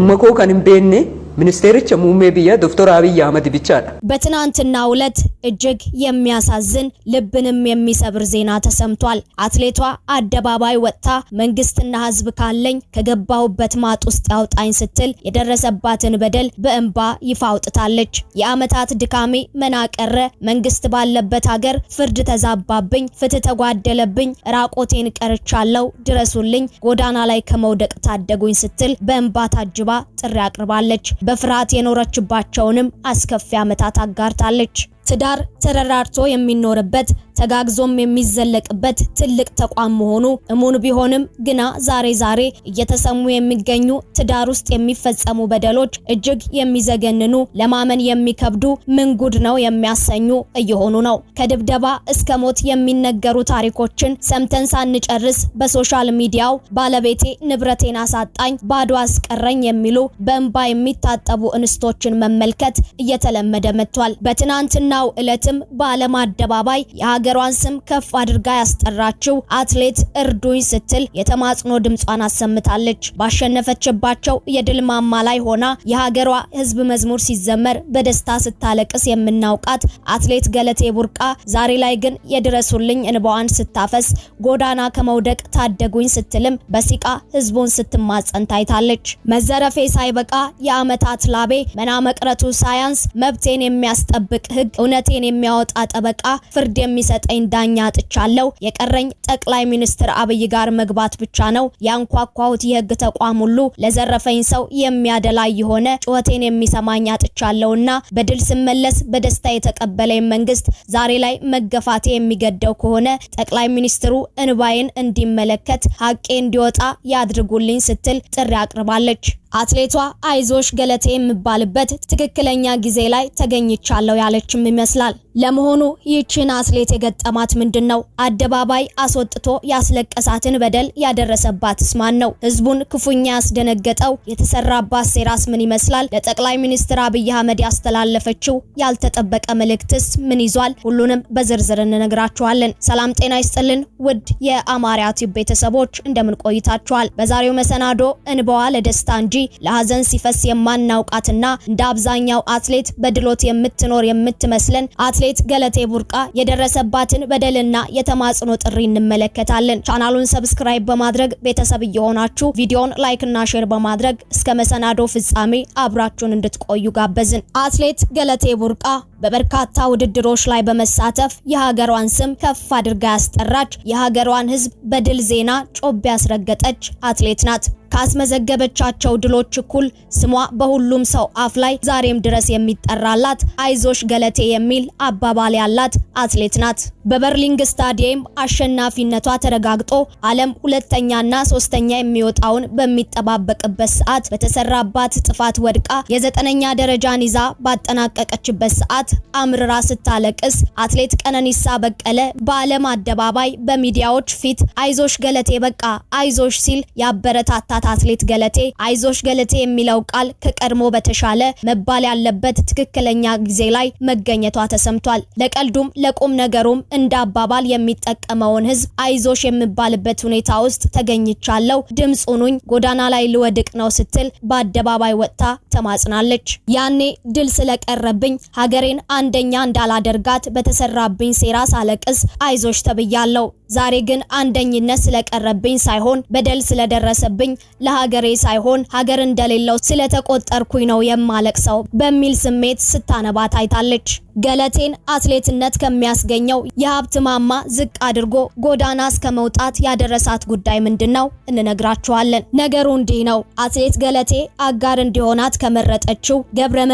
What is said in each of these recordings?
mwaka huu kanimbeenne ሚኒስቴርች ሙሜ ብያ ዶክተር አብይ አህመድ ብቻ ነ በትናንትና ዕለት እጅግ የሚያሳዝን ልብንም የሚሰብር ዜና ተሰምቷል። አትሌቷ አደባባይ ወጥታ መንግስትና ህዝብ ካለኝ ከገባሁበት ማጥ ውስጥ ያውጣኝ ስትል የደረሰባትን በደል በእንባ ይፋ አውጥታለች። የአመታት ድካሜ መናቀረ መንግስት ባለበት ሀገር ፍርድ ተዛባብኝ፣ ፍትህ ተጓደለብኝ፣ ራቆቴን ቀርቻለሁ፣ ድረሱልኝ፣ ጎዳና ላይ ከመውደቅ ታደጉኝ ስትል በእንባ ታጅባ ጥሪ አቅርባለች። በፍርሃት የኖረችባቸውንም አስከፊ ዓመታት አጋርታለች። ትዳር ተረራርቶ የሚኖርበት ተጋግዞም የሚዘለቅበት ትልቅ ተቋም መሆኑ እሙን ቢሆንም ግና ዛሬ ዛሬ እየተሰሙ የሚገኙ ትዳር ውስጥ የሚፈጸሙ በደሎች እጅግ የሚዘገንኑ ለማመን የሚከብዱ ምንጉድ ነው የሚያሰኙ እየሆኑ ነው። ከድብደባ እስከ ሞት የሚነገሩ ታሪኮችን ሰምተን ሳንጨርስ በሶሻል ሚዲያው ባለቤቴ ንብረቴን አሳጣኝ፣ ባዶ አስቀረኝ የሚሉ በእንባ የሚታጠቡ እንስቶችን መመልከት እየተለመደ መጥቷል። በትናንትና በትናንትናው ዕለትም በዓለም አደባባይ የሀገሯን ስም ከፍ አድርጋ ያስጠራችው አትሌት እርዱኝ ስትል የተማጽኖ ድምጿን አሰምታለች። ባሸነፈችባቸው የድል ማማ ላይ ሆና የሀገሯ ሕዝብ መዝሙር ሲዘመር በደስታ ስታለቅስ የምናውቃት አትሌት ገለቴ ቡርቃ ዛሬ ላይ ግን የድረሱልኝ እንባዋን ስታፈስ ጎዳና ከመውደቅ ታደጉኝ ስትልም በሲቃ ሕዝቡን ስትማጸን ታይታለች። መዘረፌ ሳይበቃ የአመታት ላቤ መናመቅረቱ ሳያንስ መብቴን የሚያስጠብቅ ሕግ እውነቴን የሚያወጣ ጠበቃ፣ ፍርድ የሚሰጠኝ ዳኛ አጥቻለሁ። የቀረኝ ጠቅላይ ሚኒስትር አብይ ጋር መግባት ብቻ ነው። ያንኳኳሁት የህግ ተቋም ሁሉ ለዘረፈኝ ሰው የሚያደላ የሆነ ጩኸቴን የሚሰማኝ አጥቻለሁና በድል ስመለስ በደስታ የተቀበለኝ መንግስት ዛሬ ላይ መገፋቴ የሚገደው ከሆነ ጠቅላይ ሚኒስትሩ እንባዬን እንዲመለከት ሀቄ እንዲወጣ ያድርጉልኝ ስትል ጥሪ አቅርባለች። አትሌቷ አይዞሽ ገለቴ የምባልበት ትክክለኛ ጊዜ ላይ ተገኝቻለሁ ያለችም ይመስላል። ለመሆኑ ይህችን አትሌት የገጠማት ምንድን ነው? አደባባይ አስወጥቶ ያስለቀሳትን በደል ያደረሰባትስ ማን ነው? ህዝቡን ክፉኛ ያስደነገጠው የተሰራባት ሴራስ ምን ይመስላል? ለጠቅላይ ሚኒስትር አብይ አህመድ ያስተላለፈችው ያልተጠበቀ መልእክትስ ምን ይዟል? ሁሉንም በዝርዝር እንነግራችኋለን። ሰላም ጤና ይስጥልን ውድ የአማርያ ቲዩብ ቤተሰቦች እንደምን ቆይታችኋል? በዛሬው መሰናዶ እንባዋ ለደስታ እንጂ ለሀዘን ሲፈስ የማናውቃትና እንደ አብዛኛው አትሌት በድሎት የምትኖር የምትመስለን አትሌት ገለቴ ቡርቃ የደረሰባትን በደልና የተማጽኖ ጥሪ እንመለከታለን። ቻናሉን ሰብስክራይብ በማድረግ ቤተሰብ እየሆናችሁ ቪዲዮን ላይክና ሼር በማድረግ እስከ መሰናዶ ፍጻሜ አብራችሁን እንድትቆዩ ጋበዝን። አትሌት ገለቴ ቡርቃ በበርካታ ውድድሮች ላይ በመሳተፍ የሀገሯን ስም ከፍ አድርጋ ያስጠራች፣ የሀገሯን ሕዝብ በድል ዜና ጮቤ ያስረገጠች አትሌት ናት። ካስመዘገበቻቸው ድሎች እኩል ስሟ በሁሉም ሰው አፍ ላይ ዛሬም ድረስ የሚጠራላት አይዞሽ ገለቴ የሚል አባባል ያላት አትሌት ናት። በበርሊንግ ስታዲየም አሸናፊነቷ ተረጋግጦ ዓለም ሁለተኛና ሶስተኛ የሚወጣውን በሚጠባበቅበት ሰዓት በተሰራባት ጥፋት ወድቃ የዘጠነኛ ደረጃን ይዛ ባጠናቀቀችበት ሰዓት አምርራ ስታለቅስ አትሌት ቀነኒሳ በቀለ በዓለም አደባባይ በሚዲያዎች ፊት አይዞሽ ገለቴ በቃ አይዞሽ ሲል ያበረታታት አትሌት ገለቴ አይዞሽ ገለቴ የሚለው ቃል ከቀድሞ በተሻለ መባል ያለበት ትክክለኛ ጊዜ ላይ መገኘቷ ተሰምቷል። ለቀልዱም ለቁም ነገሩም እንደ አባባል የሚጠቀመውን ህዝብ አይዞሽ የሚባልበት ሁኔታ ውስጥ ተገኝቻለሁ፣ ድምፅ ሁኑኝ፣ ጎዳና ላይ ልወድቅ ነው ስትል በአደባባይ ወጥታ ተማጽናለች። ያኔ ድል ስለቀረብኝ ሀገሬን አንደኛ እንዳላደርጋት በተሰራብኝ ሴራ ሳለቅስ አይዞሽ ተብያለሁ። ዛሬ ግን አንደኝነት ስለቀረብኝ ሳይሆን በደል ስለደረሰብኝ ለሀገሬ ሳይሆን ሀገር እንደሌለው ስለተቆጠርኩኝ ነው የማለቅሰው በሚል ስሜት ስታነባ ታይታለች። ገለቴን አትሌትነት ከሚያስገኘው የሀብት ማማ ዝቅ አድርጎ ጎዳና እስከ መውጣት ያደረሳት ጉዳይ ምንድን ነው? እንነግራችኋለን። ነገሩ እንዲህ ነው። አትሌት ገለቴ አጋር እንዲሆናት ከመረጠችው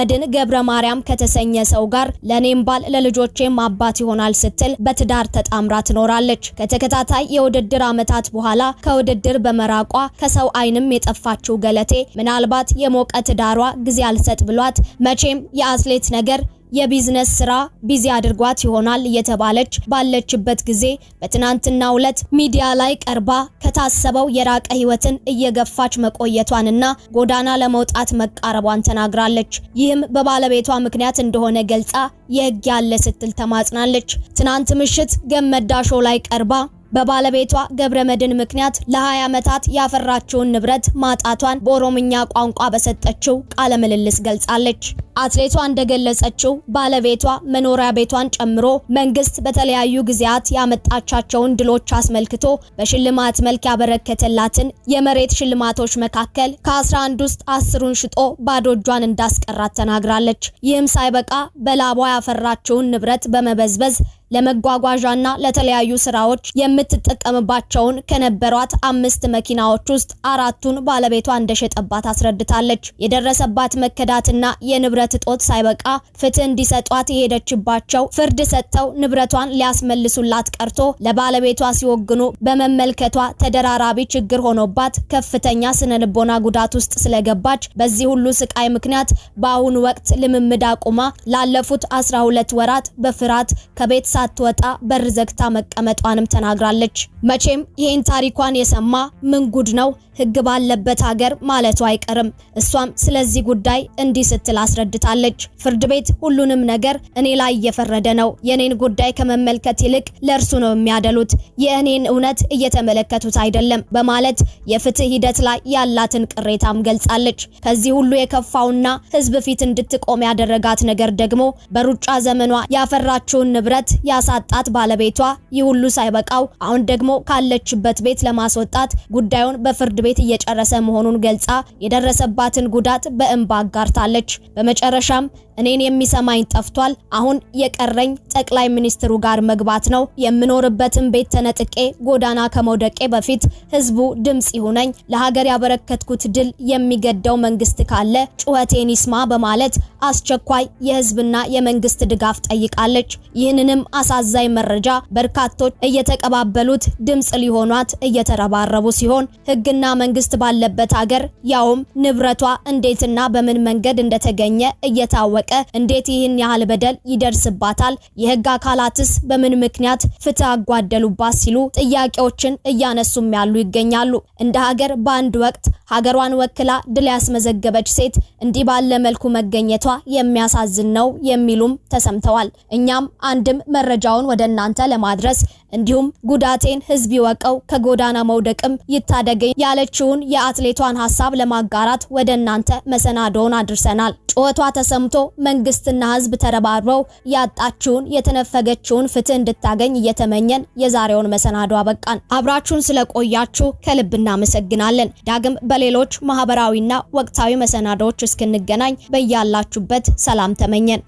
መድን ገብረ ማርያም ከተሰኘ ሰው ጋር ለእኔም ባል ለልጆቼም አባት ይሆናል ስትል በትዳር ተጣምራ ትኖራለች። ከተከታታይ የውድድር ዓመታት በኋላ ከውድድር በመራቋ ከሰው ዓይንም የጠፋችው ገለቴ ምናልባት የሞቀ ትዳሯ ጊዜ አልሰጥ ብሏት መቼም የአትሌት ነገር የቢዝነስ ስራ ቢዚ አድርጓት ይሆናል እየተባለች ባለችበት ጊዜ በትናንትናው ዕለት ሚዲያ ላይ ቀርባ ከታሰበው የራቀ ህይወትን እየገፋች መቆየቷንና ጎዳና ለመውጣት መቃረቧን ተናግራለች። ይህም በባለቤቷ ምክንያት እንደሆነ ገልጻ የህግ ያለ ስትል ተማጽናለች። ትናንት ምሽት ገመዳ ሾው ላይ ቀርባ በባለቤቷ ገብረ መድን ምክንያት ለ20 ዓመታት ያፈራችውን ንብረት ማጣቷን በኦሮምኛ ቋንቋ በሰጠችው ቃለ ምልልስ ገልጻለች። አትሌቷ እንደገለጸችው ባለቤቷ መኖሪያ ቤቷን ጨምሮ መንግስት በተለያዩ ጊዜያት ያመጣቻቸውን ድሎች አስመልክቶ በሽልማት መልክ ያበረከተላትን የመሬት ሽልማቶች መካከል ከ11 ውስጥ አስሩን ሽጦ ባዶ እጇን እንዳስቀራት ተናግራለች። ይህም ሳይበቃ በላቧ ያፈራችውን ንብረት በመበዝበዝ ለመጓጓዣና ለተለያዩ ስራዎች የምትጠቀምባቸውን ከነበሯት አምስት መኪናዎች ውስጥ አራቱን ባለቤቷ እንደሸጠባት አስረድታለች። የደረሰባት መከዳትና የንብረት እጦት ሳይበቃ ፍትህ እንዲሰጧት የሄደችባቸው ፍርድ ሰጥተው ንብረቷን ሊያስመልሱላት ቀርቶ ለባለቤቷ ሲወግኑ በመመልከቷ ተደራራቢ ችግር ሆኖባት ከፍተኛ ስነ ልቦና ጉዳት ውስጥ ስለገባች በዚህ ሁሉ ስቃይ ምክንያት በአሁኑ ወቅት ልምምድ አቁማ ላለፉት አስራ ሁለት ወራት በፍርሃት ከቤት ሳትወጣ በር ዘግታ መቀመጧንም ተናግራለች። መቼም ይህን ታሪኳን የሰማ ምን ጉድ ነው ህግ ባለበት ሀገር ማለቱ አይቀርም። እሷም ስለዚህ ጉዳይ እንዲህ ስትል አስረድታለች። ፍርድ ቤት ሁሉንም ነገር እኔ ላይ እየፈረደ ነው። የኔን ጉዳይ ከመመልከት ይልቅ ለእርሱ ነው የሚያደሉት። የእኔን እውነት እየተመለከቱት አይደለም በማለት የፍትህ ሂደት ላይ ያላትን ቅሬታም ገልጻለች። ከዚህ ሁሉ የከፋውና ህዝብ ፊት እንድትቆም ያደረጋት ነገር ደግሞ በሩጫ ዘመኗ ያፈራችውን ንብረት ያሳጣት ባለቤቷ ይህ ሁሉ ሳይበቃው አሁን ደግሞ ካለችበት ቤት ለማስወጣት ጉዳዩን በፍርድ ቤት እየጨረሰ መሆኑን ገልጻ የደረሰባትን ጉዳት በእንባ አጋርታለች። በመጨረሻም እኔን የሚሰማኝ ጠፍቷል። አሁን የቀረኝ ጠቅላይ ሚኒስትሩ ጋር መግባት ነው። የምኖርበትን ቤት ተነጥቄ ጎዳና ከመውደቄ በፊት ህዝቡ ድምጽ ይሁነኝ። ለሀገር ያበረከትኩት ድል የሚገደው መንግስት ካለ ጩኸቴን ይስማ በማለት አስቸኳይ የህዝብና የመንግስት ድጋፍ ጠይቃለች። ይህንንም አሳዛኝ መረጃ በርካቶች እየተቀባበሉት ድምጽ ሊሆኗት እየተረባረቡ ሲሆን ህግና መንግስት ባለበት ሀገር ያውም ንብረቷ እንዴትና በምን መንገድ እንደተገኘ እየታወቀ እንዴት ይህን ያህል በደል ይደርስባታል? የህግ አካላትስ በምን ምክንያት ፍትህ አጓደሉባት? ሲሉ ጥያቄዎችን እያነሱም ያሉ ይገኛሉ። እንደ ሀገር በአንድ ወቅት ሀገሯን ወክላ ድል ያስመዘገበች ሴት እንዲህ ባለ መልኩ መገኘቷ የሚያሳዝን ነው የሚሉም ተሰምተዋል። እኛም አንድም መረጃውን ወደ እናንተ ለማድረስ እንዲሁም ጉዳቴን ህዝብ ይወቀው ከጎዳና መውደቅም ይታደገኝ ያለችውን የአትሌቷን ሀሳብ ለማጋራት ወደ እናንተ መሰናዶውን አድርሰናል። ጩኸቷ ተሰምቶ መንግስትና ህዝብ ተረባርበው ያጣችውን የተነፈገችውን ፍትህ እንድታገኝ እየተመኘን የዛሬውን መሰናዶ አበቃን። አብራችሁን ስለቆያችሁ ከልብ እናመሰግናለን። ዳግም በሌሎች ማህበራዊና ወቅታዊ መሰናዶዎች እስክንገናኝ በያላችሁበት ሰላም ተመኘን።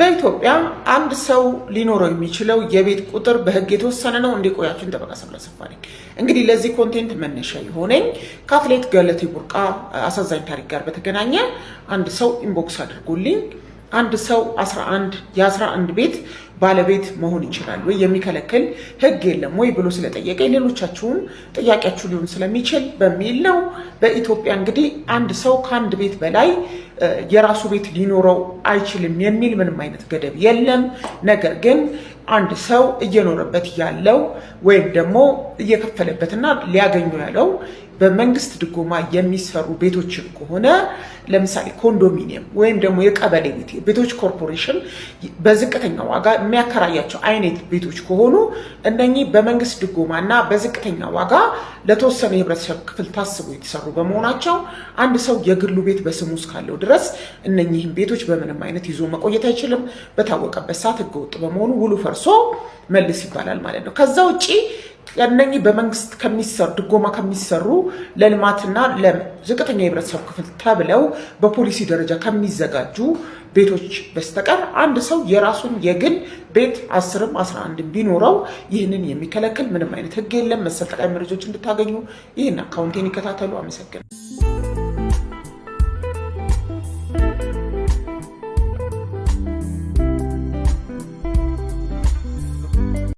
በኢትዮጵያ አንድ ሰው ሊኖረው የሚችለው የቤት ቁጥር በህግ የተወሰነ ነው። እንዲቆያችን ጠበቃ ሰብለ ሰፋሪ። እንግዲህ ለዚህ ኮንቴንት መነሻ የሆነኝ ከአትሌት ገለቴ ቡርቃ አሳዛኝ ታሪክ ጋር በተገናኘ አንድ ሰው ኢንቦክስ አድርጎልኝ አንድ ሰው 11 የ11 ቤት ባለቤት መሆን ይችላል ወይ የሚከለክል ህግ የለም ወይ ብሎ ስለጠየቀ ሌሎቻችሁም ጥያቄያችሁ ሊሆን ስለሚችል በሚል ነው። በኢትዮጵያ እንግዲህ አንድ ሰው ከአንድ ቤት በላይ የራሱ ቤት ሊኖረው አይችልም የሚል ምንም አይነት ገደብ የለም። ነገር ግን አንድ ሰው እየኖረበት ያለው ወይም ደግሞ እየከፈለበትና ሊያገኙ ያለው በመንግስት ድጎማ የሚሰሩ ቤቶችን ከሆነ ለምሳሌ ኮንዶሚኒየም ወይም ደግሞ የቀበሌ ቤት ቤቶች ኮርፖሬሽን በዝቅተኛ ዋጋ የሚያከራያቸው አይነት ቤቶች ከሆኑ እነኚህ በመንግስት ድጎማ እና በዝቅተኛ ዋጋ ለተወሰነ የህብረተሰብ ክፍል ታስቦ የተሰሩ በመሆናቸው አንድ ሰው የግሉ ቤት በስሙ እስካለው ድረስ እነኚህን ቤቶች በምንም አይነት ይዞ መቆየት አይችልም። በታወቀበት ሰዓት ህገወጥ በመሆኑ ውሉ ፈርሶ መልስ ይባላል ማለት ነው። ከዛ ውጭ እነኚህ በመንግስት ከሚሰሩ ድጎማ ከሚሰሩ ለልማትና ለዝቅተኛ የህብረተሰብ ክፍል ተብለው በፖሊሲ ደረጃ ከሚዘጋጁ ቤቶች በስተቀር አንድ ሰው የራሱን የግል ቤት አስርም አስራ አንድ ቢኖረው ይህንን የሚከለክል ምንም አይነት ህግ የለም። መሰል ጠቃሚ መረጃዎች እንድታገኙ ይህን አካውንቴን ይከታተሉ። አመሰግናለሁ።